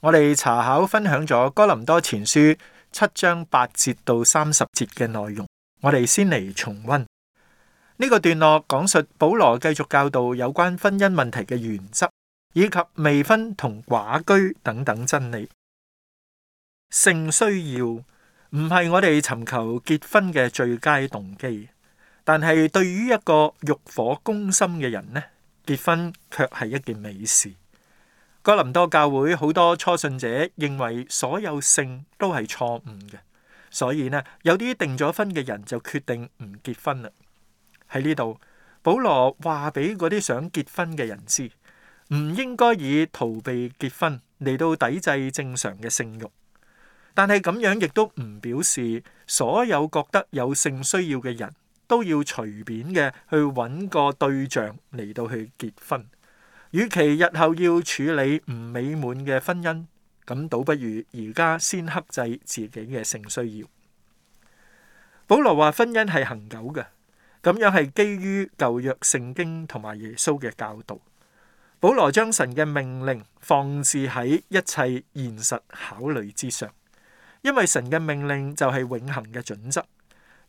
我哋查考分享咗哥林多前書七章八節到三十節嘅內容，我哋先嚟重溫呢個段落，講述保羅繼續教導有關婚姻問題嘅原則，以及未婚同寡居等等真理。性需要唔係我哋尋求結婚嘅最佳動機，但係對於一個慾火攻心嘅人呢，結婚卻係一件美事。哥林多教會好多初信者認為所有性都係錯誤嘅，所以呢有啲訂咗婚嘅人就決定唔結婚啦。喺呢度，保羅話俾嗰啲想結婚嘅人知，唔應該以逃避結婚嚟到抵制正常嘅性欲，但係咁樣亦都唔表示所有覺得有性需要嘅人都要隨便嘅去揾個對象嚟到去結婚。與其日後要處理唔美滿嘅婚姻，咁倒不如而家先克制自己嘅性需要。保羅話婚姻係恆久嘅，咁樣係基於舊約聖經同埋耶穌嘅教導。保羅將神嘅命令放置喺一切現實考慮之上，因為神嘅命令就係永恆嘅準則，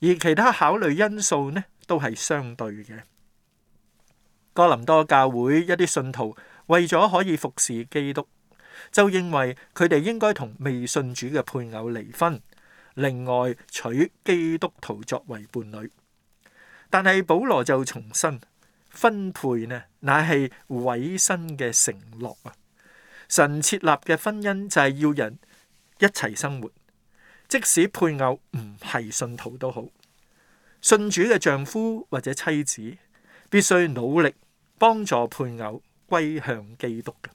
而其他考慮因素呢都係相對嘅。哥林多教會一啲信徒為咗可以服侍基督，就認為佢哋應該同未信主嘅配偶離婚，另外娶基督徒作為伴侶。但係保羅就重申，分配呢乃係委身嘅承諾啊！神設立嘅婚姻就係要人一齊生活，即使配偶唔係信徒都好，信主嘅丈夫或者妻子必須努力。幫助配偶歸向基督嘅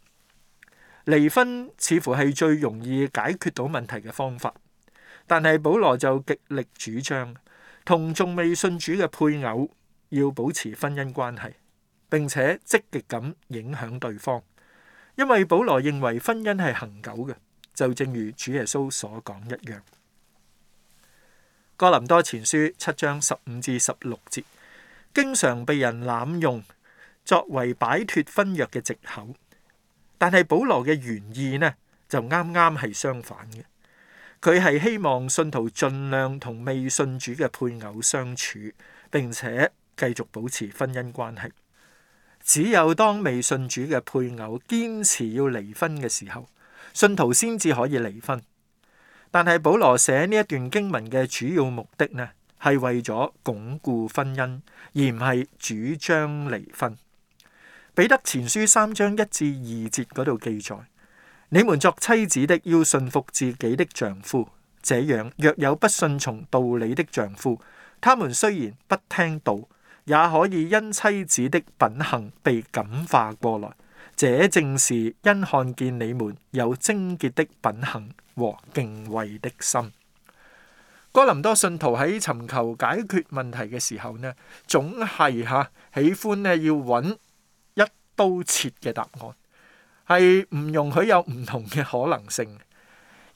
離婚，似乎係最容易解決到問題嘅方法。但係保羅就極力主張同仲未信主嘅配偶要保持婚姻關係，並且積極咁影響對方，因為保羅認為婚姻係恒久嘅，就正如主耶穌所講一樣。哥林多前書七章十五至十六節，經常被人濫用，作為擺脫婚約嘅藉口，但係保羅嘅原意呢，就啱啱係相反嘅。佢係希望信徒盡量同未信主嘅配偶相處，並且繼續保持婚姻關係。只有當未信主嘅配偶堅持要離婚嘅時候，信徒先至可以離婚。但係保羅寫呢一段經文嘅主要目的呢，係為咗鞏固婚姻，而唔係主張離婚。彼得前書三章一至二節嗰度記載：你們作妻子的要順服自己的丈夫，這樣若有不信從道理的丈夫，他們雖然不聽道，也可以因妻子的品行被感化過來。這正是因看見你們有貞潔的品行和敬畏的心。哥林多信徒喺尋求解決問題嘅時候呢，總係吓喜歡呢要揾，刀切嘅答案係唔容許有唔同嘅可能性，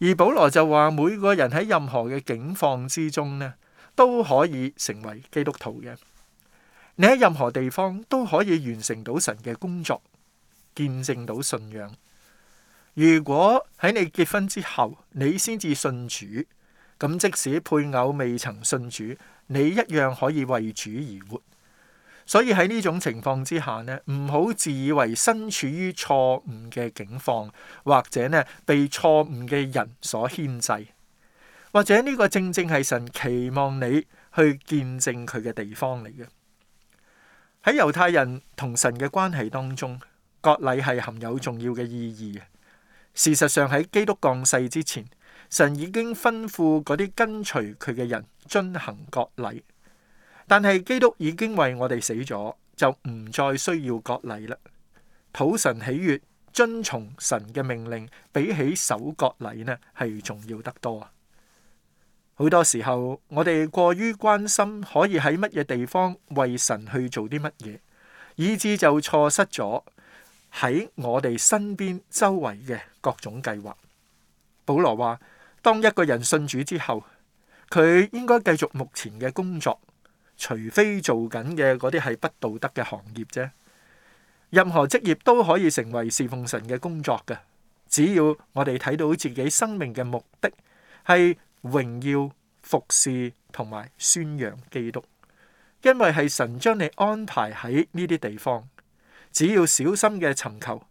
而保羅就話每個人喺任何嘅境況之中呢，都可以成為基督徒嘅。你喺任何地方都可以完成到神嘅工作，見證到信仰。如果喺你結婚之後你先至信主，咁即使配偶未曾信主，你一樣可以為主而活。所以喺呢種情況之下呢，唔好自以為身處於錯誤嘅境況，或者呢被錯誤嘅人所牽制，或者呢個正正係神期望你去見證佢嘅地方嚟嘅。喺猶太人同神嘅關係當中，割禮係含有重要嘅意義。事實上，喺基督降世之前，神已經吩咐嗰啲跟隨佢嘅人進行割禮。但係基督已經為我哋死咗，就唔再需要割禮啦。討神喜悦，遵從神嘅命令，比起守割禮呢，係重要得多啊！好多時候我哋過於關心可以喺乜嘢地方為神去做啲乜嘢，以至就錯失咗喺我哋身邊周圍嘅各種計劃。保羅話：當一個人信主之後，佢應該繼續目前嘅工作。除非做緊嘅嗰啲係不道德嘅行業啫，任何職業都可以成為侍奉神嘅工作嘅。只要我哋睇到自己生命嘅目的係榮耀服侍同埋宣揚基督，因為係神將你安排喺呢啲地方，只要小心嘅尋求，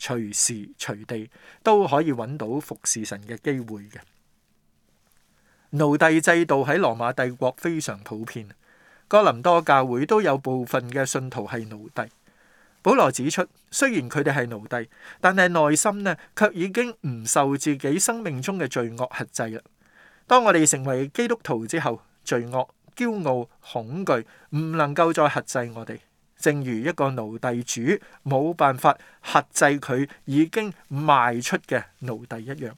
隨時隨地都可以揾到服侍神嘅機會嘅。奴隸制度喺羅馬帝國非常普遍。哥林多教會都有部分嘅信徒係奴隸，保羅指出，雖然佢哋係奴隸，但係內心呢，卻已經唔受自己生命中嘅罪惡轄制啦。當我哋成為基督徒之後，罪惡、驕傲、恐懼唔能夠再轄制我哋，正如一個奴隸主冇辦法轄制佢已經賣出嘅奴隸一樣。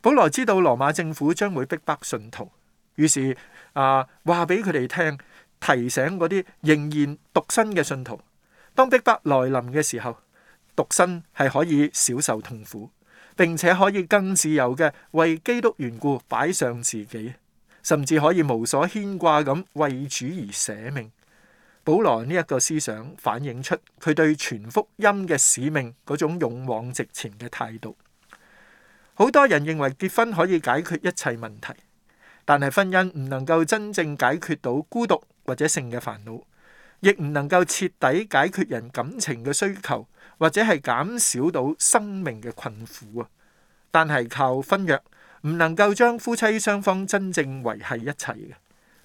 保羅知道羅馬政府將會逼迫信徒，於是。啊！話俾佢哋聽，提醒嗰啲仍然獨身嘅信徒，當逼迫來臨嘅時候，獨身係可以少受痛苦，並且可以更自由嘅為基督緣故擺上自己，甚至可以無所牽掛咁為主而捨命。保羅呢一個思想反映出佢對全福音嘅使命嗰種勇往直前嘅態度。好多人認為結婚可以解決一切問題。但係婚姻唔能夠真正解決到孤獨或者性嘅煩惱，亦唔能夠徹底解決人感情嘅需求，或者係減少到生命嘅困苦啊！但係靠婚約唔能夠將夫妻雙方真正維繫一切。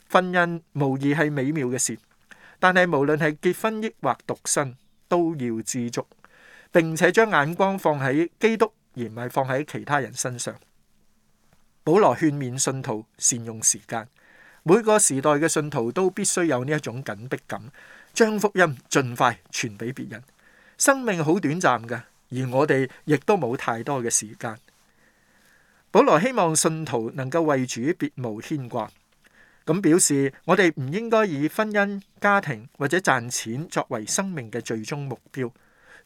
婚姻無疑係美妙嘅事。但係無論係結婚抑或獨身，都要知足，並且將眼光放喺基督，而唔係放喺其他人身上。保羅勸勉信徒善用時間，每個時代嘅信徒都必須有呢一種緊迫感，將福音盡快傳俾別人。生命好短暫㗎，而我哋亦都冇太多嘅時間。保羅希望信徒能夠為主別無牽掛，咁表示我哋唔應該以婚姻、家庭或者賺錢作為生命嘅最終目標。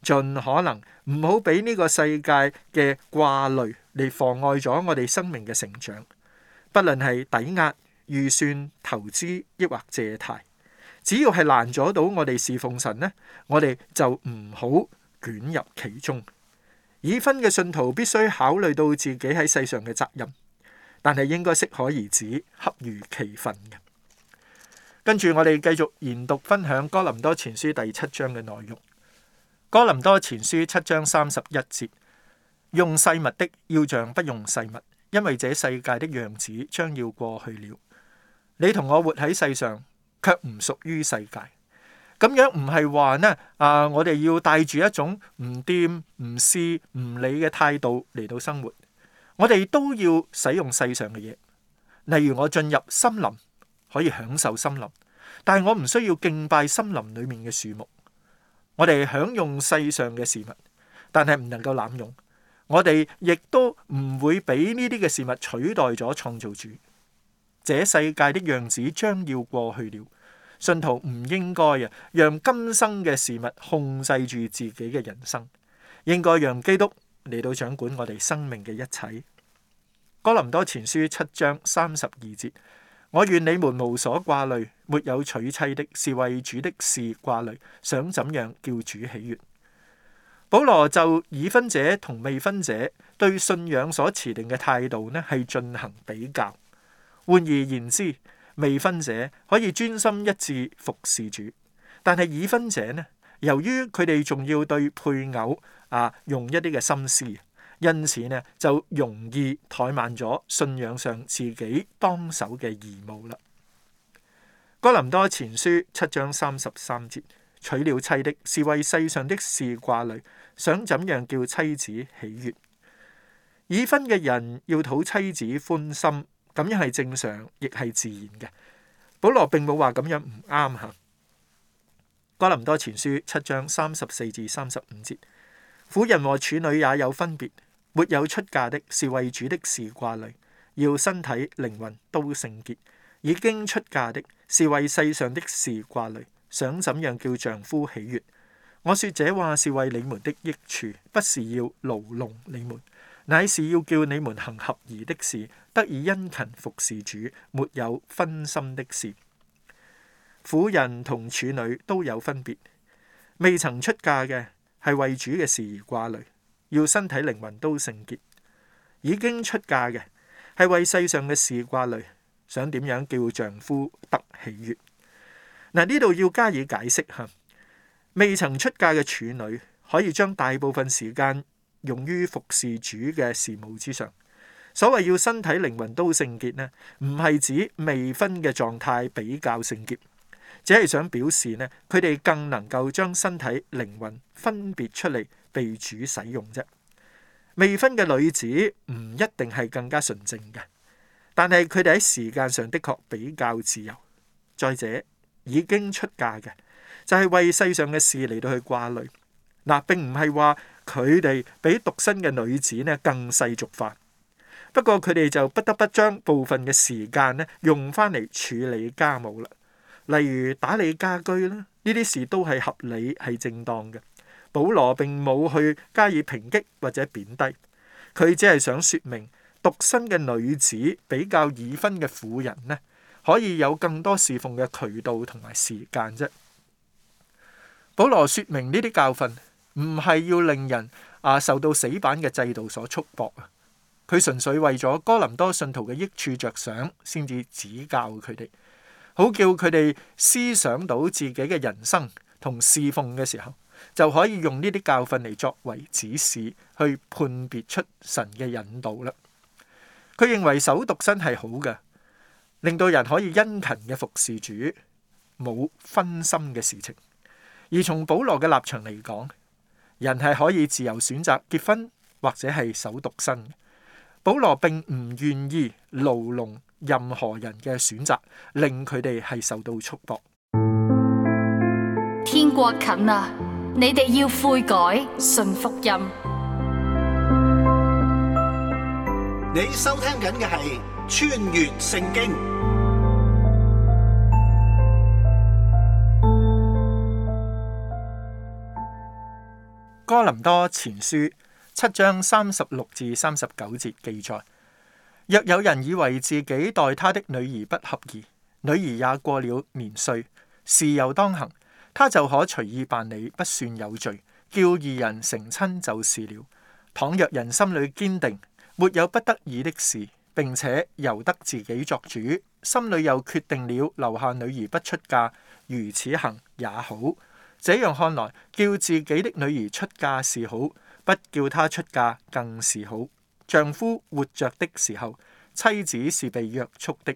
盡可能唔好俾呢個世界嘅掛慮嚟妨礙咗我哋生命嘅成長，不論係抵押、預算、投資抑或借貸，只要係難阻到我哋侍奉神呢，我哋就唔好捲入其中。已婚嘅信徒必須考慮到自己喺世上嘅責任，但係應該適可而止，恰如其分嘅。跟住我哋繼續研讀分享哥林多前書第七章嘅內容。哥林多前書七章三十一節，用世物的要像不用世物，因為這世界的樣子將要過去了。你同我活喺世上，却唔屬於世界。咁樣唔係話呢啊，我哋要帶住一種唔掂、唔思、唔理嘅態度嚟到生活。我哋都要使用世上嘅嘢，例如我進入森林可以享受森林，但係我唔需要敬拜森林裏面嘅樹木。我哋享用世上嘅事物，但係唔能夠濫用。我哋亦都唔會俾呢啲嘅事物取代咗創造主。這世界的樣子將要過去了，信徒唔應該啊，讓今生嘅事物控制住自己嘅人生，應該讓基督嚟到掌管我哋生命嘅一切。哥林多前書七章三十二節。我願你們無所掛慮，沒有娶妻的是，是為主的事掛慮，想怎樣叫主喜悦。保羅就已婚者同未婚者對信仰所持定嘅態度呢，係進行比較。換而言之，未婚者可以專心一致服侍主，但係已婚者呢，由於佢哋仲要對配偶啊用一啲嘅心思。因此呢就容易怠慢咗信仰上自己當守嘅義務啦。哥林多前書七章三十三節：娶了妻的，是為世上的事掛慮，想怎樣叫妻子喜悅。已婚嘅人要討妻子歡心，咁樣係正常，亦係自然嘅。保羅並冇話咁樣唔啱吓。哥林多前書七章三十四至三十五節：婦人和處女也有分別。沒有出嫁的是為主的事掛慮，要身體靈魂都聖潔；已經出嫁的是為世上的事掛慮，想怎樣叫丈夫喜悅。我說這話是為你們的益處，不是要牢籠你們，乃是要叫你們行合宜的事，得以殷勤服侍主，沒有分心的事。婦人同處女都有分別，未曾出嫁嘅係為主嘅事而掛慮。要身體靈魂都聖潔，已經出嫁嘅係為世上嘅事掛慮，想點樣叫丈夫得喜悅。嗱，呢度要加以解釋吓，未曾出嫁嘅處女可以將大部分時間用於服侍主嘅事務之上。所謂要身體靈魂都聖潔呢，唔係指未婚嘅狀態比較聖潔，只係想表示呢，佢哋更能夠將身體靈魂分別出嚟。被主使用啫。未婚嘅女子唔一定係更加純正嘅，但係佢哋喺時間上的確比較自由。再者，已經出嫁嘅就係、是、為世上嘅事嚟到去掛慮。嗱、呃，並唔係話佢哋比獨身嘅女子呢更世俗化。不過佢哋就不得不將部分嘅時間呢用翻嚟處理家務啦，例如打理家居啦，呢啲事都係合理係正當嘅。保羅並冇去加以抨擊或者貶低，佢只係想說明獨身嘅女子比較已婚嘅婦人呢，可以有更多侍奉嘅渠道同埋時間啫。保羅說明呢啲教訓，唔係要令人啊受到死板嘅制度所束縛啊，佢純粹為咗哥林多信徒嘅益處着想，先至指教佢哋，好叫佢哋思想到自己嘅人生同侍奉嘅時候。就可以用呢啲教訓嚟作為指示，去判別出神嘅引導啦。佢認為守獨身係好嘅，令到人可以殷勤嘅服侍主，冇分心嘅事情。而從保羅嘅立場嚟講，人係可以自由選擇結婚或者係守獨身。保羅並唔願意牢籠任何人嘅選擇，令佢哋係受到束縛。天國近啊！你哋要悔改，信福音。你收聽緊嘅係《穿越聖經》。哥林多前書七章三十六至三十九節記載：若有人以為自己待他的女兒不合宜，女兒也過了年歲，事又當行。他就可隨意辦理，不算有罪，叫二人成親就是了。倘若人心裏堅定，沒有不得已的事，並且由得自己作主，心裏又決定了留下女兒不出嫁，如此行也好。這樣看來，叫自己的女兒出嫁是好，不叫她出嫁更是好。丈夫活着的時候，妻子是被約束的；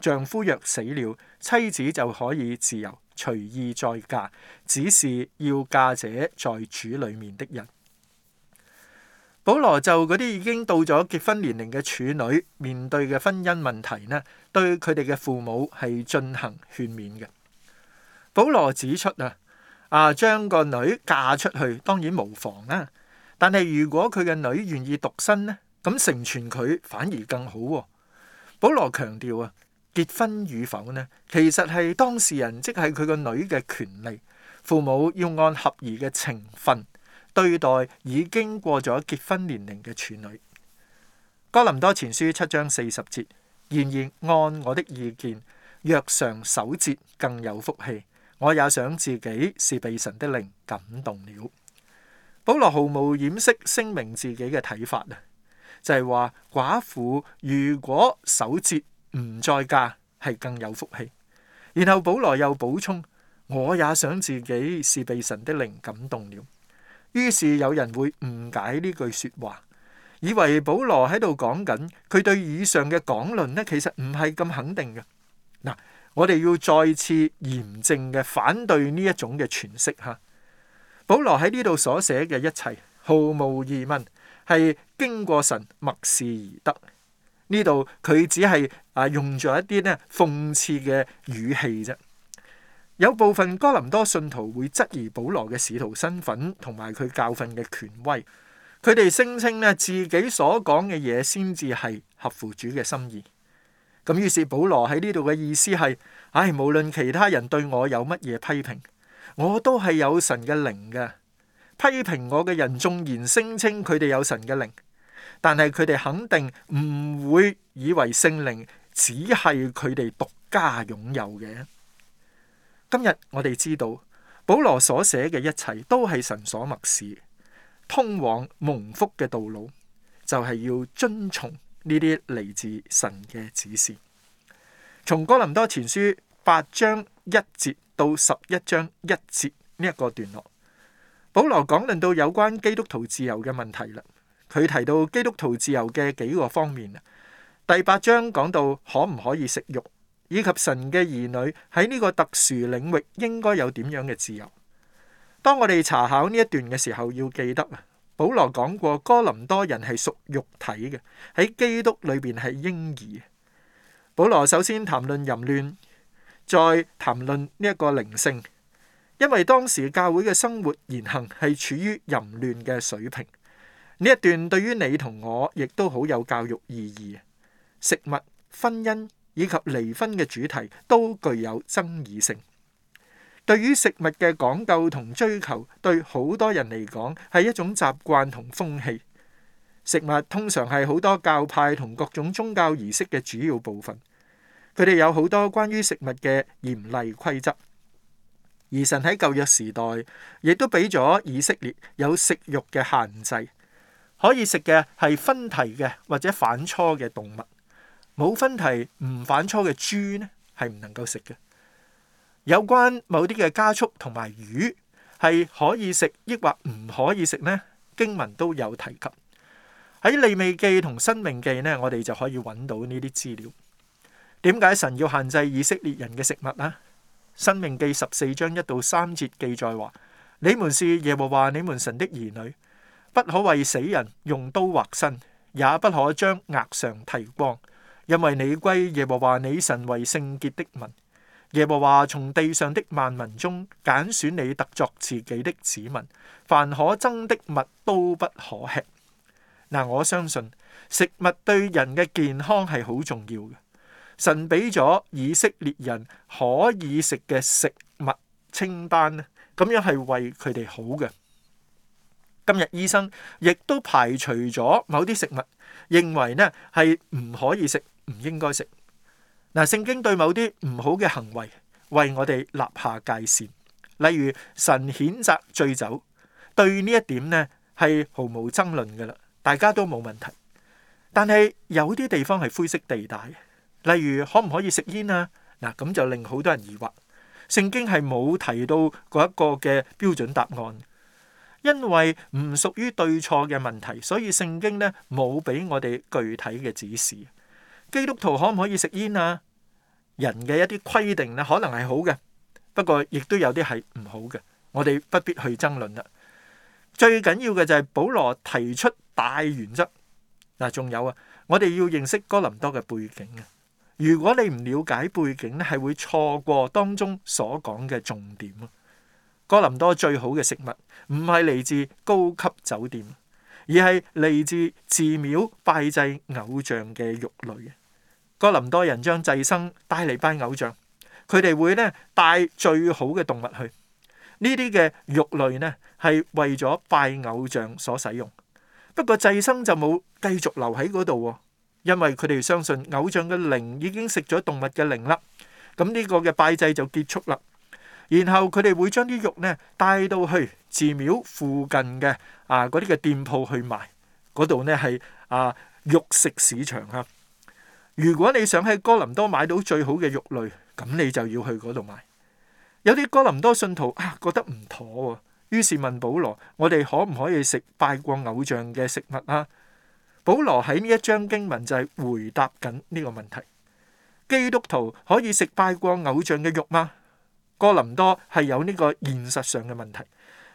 丈夫若死了，妻子就可以自由。隨意再嫁，只是要嫁者在主裏面的人。保羅就嗰啲已經到咗結婚年齡嘅處女，面對嘅婚姻問題呢？對佢哋嘅父母係進行勸勉嘅。保羅指出啊，啊將個女嫁出去當然無妨啦，啊，但係如果佢嘅女願意獨身呢，咁成全佢反而更好，啊。保羅強調啊。結婚與否呢？其實係當事人，即係佢個女嘅權利。父母要按合宜嘅情分對待已經過咗結婚年齡嘅處女。哥林多前書七章四十節，然而按我的意見，若常守節更有福氣。我也想自己是被神的靈感動了。保羅毫無掩飾聲明自己嘅睇法啊，就係話寡婦如果守節。唔再嫁係更有福氣。然後保羅又補充：我也想自己是被神的靈感動了。於是有人會誤解呢句說話，以為保羅喺度講緊佢對以上嘅講論呢，其實唔係咁肯定嘅。嗱，我哋要再次嚴正嘅反對呢一種嘅詮釋。吓，保羅喺呢度所寫嘅一切，毫無疑問係經過神默示而得。呢度佢只係。啊，用咗一啲咧諷刺嘅語氣啫。有部分哥林多信徒會質疑保羅嘅使徒身份同埋佢教訓嘅權威，佢哋聲稱咧自己所講嘅嘢先至係合乎主嘅心意。咁於是保羅喺呢度嘅意思係：「唉，無論其他人對我有乜嘢批評，我都係有神嘅靈嘅。批評我嘅人縱然聲稱佢哋有神嘅靈，但係佢哋肯定唔會以為聖靈，只係佢哋獨家擁有嘅。今日我哋知道，保羅所寫嘅一切都係神所默示，通往蒙福嘅道路就係要遵從呢啲嚟自神嘅指示。從哥林多前書八章一節到十一章一節呢一個段落，保羅講論到有關基督徒自由嘅問題啦。佢提到基督徒自由嘅幾個方面第八章講到可唔可以食肉，以及神嘅兒女喺呢個特殊領域應該有點樣嘅自由。當我哋查考呢一段嘅時候，要記得啊，保羅講過哥林多人係屬肉體嘅，喺基督裏面係嬰兒。保羅首先談論淫亂，再談論呢個靈性，因為當時教會嘅生活言行係處於淫亂嘅水平。呢一段對於你同我亦都好有教育意義。食物、婚姻以及離婚嘅主題都具有爭議性。對於食物嘅講究同追求，對好多人嚟講係一種習慣同風氣。食物通常係好多教派同各種宗教儀式嘅主要部分。佢哋有好多關於食物嘅嚴厲規則。而神喺舊約時代亦都俾咗以色列有食肉嘅限制，可以食嘅係分蹄嘅或者反芻嘅動物。冇分蹄唔反芻嘅豬呢，係唔能夠食嘅。有關某啲嘅家畜同埋魚係可以食，抑或唔可以食呢？經文都有提及。喺《利未記》同《申命記》呢，我哋就可以揾到呢啲資料。點解神要限制以色列人嘅食物啊？《申命記》十四章一到三節記載話：你們是耶和華你們神的兒女，不可為死人用刀劃身，也不可將額上剃光。因為你歸耶和華你神為聖潔的民，耶和華從地上的萬民中揀選你特作自己的子民，凡可憎的物都不可吃。嗱、嗯，我相信食物對人嘅健康係好重要嘅。神俾咗以色列人可以食嘅食物清單咧，咁樣係為佢哋好嘅。今日醫生亦都排除咗某啲食物，認為呢係唔可以食。唔應該食嗱。聖經對某啲唔好嘅行為為我哋立下界線，例如神譴責醉酒，對呢一點呢係毫無爭論噶啦，大家都冇問題。但係有啲地方係灰色地帶，例如可唔可以食煙啊？嗱，咁就令好多人疑惑。聖經係冇提到嗰一個嘅標準答案，因為唔屬於對錯嘅問題，所以聖經呢冇俾我哋具體嘅指示。基督徒可唔可以食煙啊？人嘅一啲規定咧，可能係好嘅，不過亦都有啲係唔好嘅，我哋不必去爭論啦。最緊要嘅就係保羅提出大原則。嗱，仲有啊，我哋要認識哥林多嘅背景啊。如果你唔了解背景咧，係會錯過當中所講嘅重點啊。哥林多最好嘅食物唔係嚟自高級酒店。而係嚟自寺廟拜祭偶像嘅肉類，哥林多人將祭牲帶嚟拜偶像，佢哋會咧帶最好嘅動物去，呢啲嘅肉類咧係為咗拜偶像所使用。不過祭牲就冇繼續留喺嗰度，因為佢哋相信偶像嘅靈已經食咗動物嘅靈啦，咁呢個嘅拜祭就結束啦。然後佢哋會將啲肉咧帶到去寺廟附近嘅啊，嗰啲嘅店鋪去賣，嗰度呢係啊肉食市場啊。如果你想喺哥林多買到最好嘅肉類，咁你就要去嗰度買。有啲哥林多信徒啊，覺得唔妥喎啊，於是問保羅：我哋可唔可以食拜過偶像嘅食物啊？保羅喺呢一章經文就係回答緊呢個問題：基督徒可以食拜過偶像嘅肉嗎？哥林多係有呢個現實上嘅問題。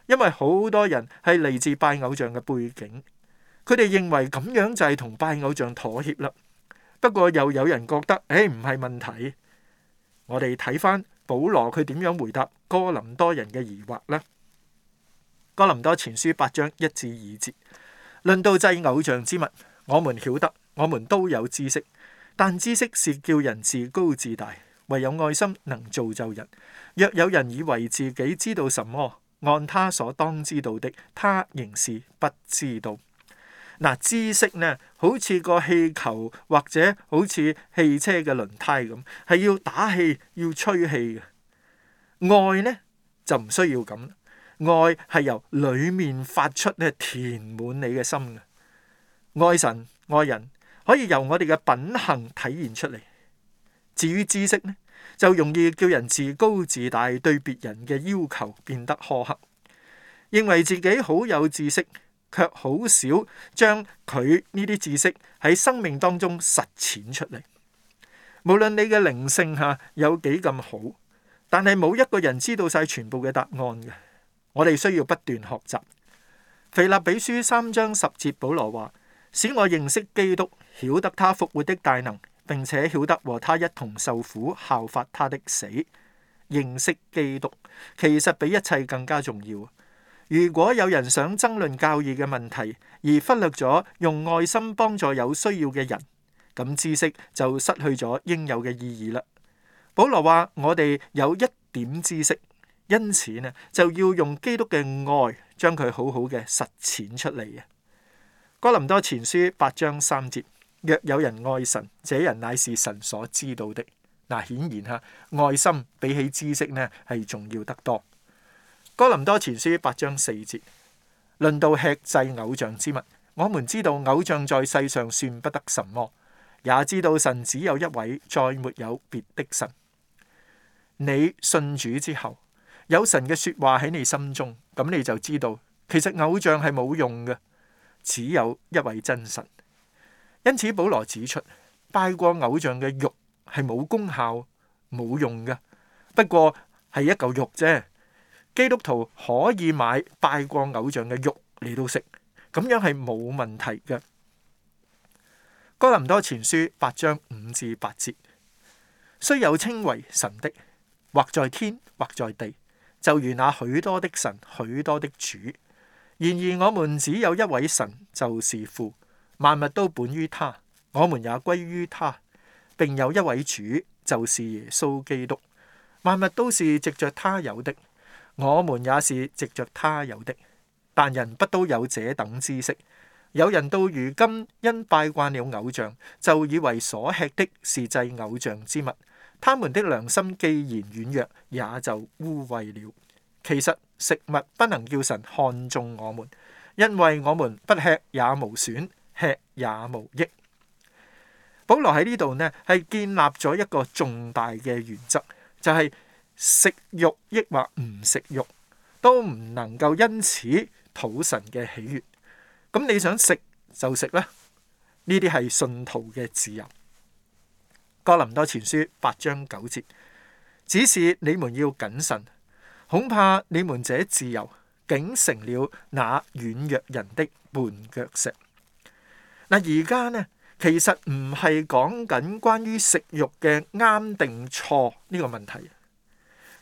因為好多人係嚟自拜偶像嘅背景，佢哋認為咁樣就係同拜偶像妥協啦。不過又有人覺得，誒唔係問題。我哋睇翻保羅佢點樣回答哥林多人嘅疑惑呢？「哥林多前書八章一至二節論到祭偶像之物，我們曉得，我們都有知識，但知識是叫人自高自大；唯有愛心能造就人。若有人以為自己知道什麼，按他所當知道的，他仍是不知道。嗱，知識呢，好似個氣球或者好似汽車嘅輪胎噉，係要打氣要吹氣嘅。愛呢就唔需要噉，愛係由裡面發出嘅，填滿你嘅心嘅。愛神愛人可以由我哋嘅品行體現出嚟。至於知識呢？就容易叫人自高自大，對別人嘅要求變得苛刻，認為自己好有知識，卻好少將佢呢啲知識喺生命當中實踐出嚟。無論你嘅靈性吓有幾咁好，但係冇一個人知道晒全部嘅答案嘅。我哋需要不斷學習。腓立比書三章十節，保羅話：使我認識基督，曉得他復活的大能。並且曉得和他一同受苦，效法他的死，認識基督，其實比一切更加重要。如果有人想爭論教義嘅問題，而忽略咗用愛心幫助有需要嘅人，咁知識就失去咗應有嘅意義啦。保羅話：我哋有一點知識，因此呢就要用基督嘅愛，將佢好好嘅實踐出嚟啊。哥林多前書八章三節。若有人愛神，這人乃是神所知道的。嗱、呃，顯然嚇，愛心比起知識呢係重要得多。哥林多前書八章四節，論到吃祭偶像之物，我們知道偶像在世上算不得什麼，也知道神只有一位，再沒有別的神。你信主之後，有神嘅説話喺你心中，咁你就知道其實偶像係冇用嘅，只有一位真神。因此，保羅指出，拜過偶像嘅肉係冇功效、冇用嘅。不過係一嚿肉啫。基督徒可以買拜過偶像嘅肉你都食，咁樣係冇問題嘅。哥林多前書八章五至八節，雖有稱為神的，或在天，或在地，就如那、啊、許多的神、許多的主，然而我們只有一位神，就是父。萬物都本於他，我們也歸於他，並有一位主，就是耶穌基督。萬物都是藉著他有的，我們也是藉著他有的。但人不都有這等知識？有人到如今因拜慣了偶像，就以為所吃的是祭偶像之物。他們的良心既然軟弱，也就污穢了。其實食物不能叫神看中我們，因為我們不吃也無損。吃也無益。保羅喺呢度呢係建立咗一個重大嘅原則，就係、是、食肉抑或唔食肉都唔能夠因此討神嘅喜悅。咁你想食就食啦，呢啲係信徒嘅自由。哥林多前書八章九節，只是你們要謹慎，恐怕你們這自由竟成了那軟弱人的絆腳石。嗱，而家呢，其實唔係講緊關於食肉嘅啱定錯呢個問題，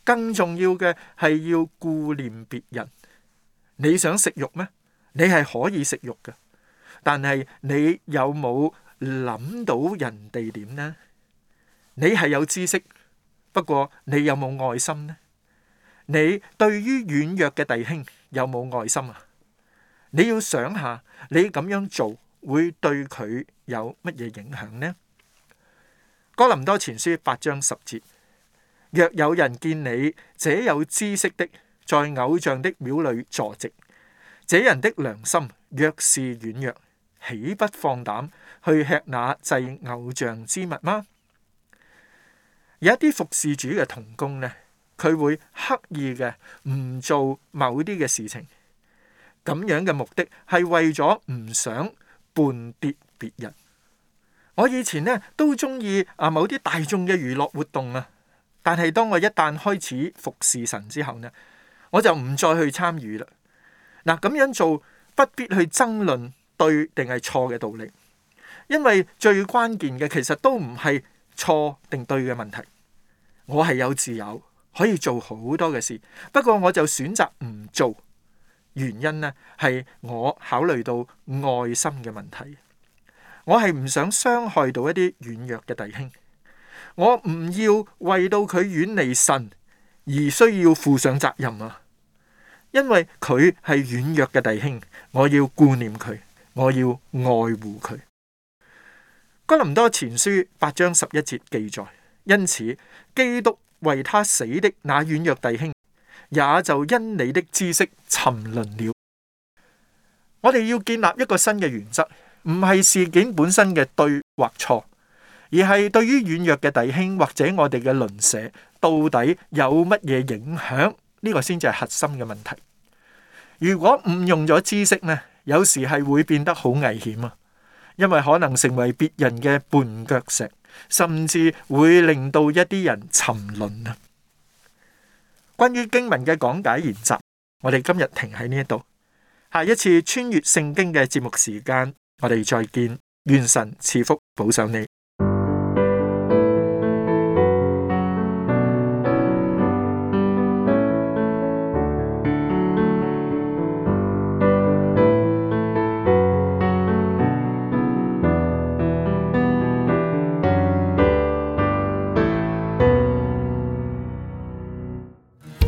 更重要嘅係要顧念別人。你想食肉咩？你係可以食肉嘅，但係你有冇諗到人哋點呢？你係有知識，不過你有冇愛心呢？你對於軟弱嘅弟兄有冇愛心啊？你要想下，你咁樣做，會對佢有乜嘢影響呢？哥林多前書八章十節：若有人見你這有知識的在偶像的廟裏坐席，這人的良心若是軟弱，豈不放膽去吃那祭偶像之物嗎？有一啲服侍主嘅同工呢，佢會刻意嘅唔做某啲嘅事情，咁樣嘅目的係為咗唔想。半啲別人，我以前咧都鍾意啊某啲大眾嘅娛樂活動啊，但係當我一旦開始服侍神之後呢，我就唔再去參與啦。嗱，咁樣做不必去爭論對定係錯嘅道理，因為最關鍵嘅其實都唔係錯定對嘅問題。我係有自由可以做好多嘅事，不過我就選擇唔做。原因呢，係我考慮到愛心嘅問題，我係唔想傷害到一啲軟弱嘅弟兄，我唔要為到佢遠離神而需要負上責任啊！因為佢係軟弱嘅弟兄，我要顧念佢，我要愛護佢。哥林多前書八章十一節記載，因此基督為他死的那軟弱弟兄也就因你的知識沉淪了。我哋要建立一個新嘅原則，唔係事件本身嘅對或錯，而係對於軟弱嘅弟兄或者我哋嘅鄰舍到底有乜嘢影響？呢個先至係核心嘅問題。如果誤用咗知識呢，有時係會變得好危險啊，因為可能成為別人嘅絆腳石，甚至會令到一啲人沉淪啊。關於經文嘅講解研習，我哋今日停喺呢一度。下一次穿越聖經嘅節目時間，我哋再見。願神賜福，保守你。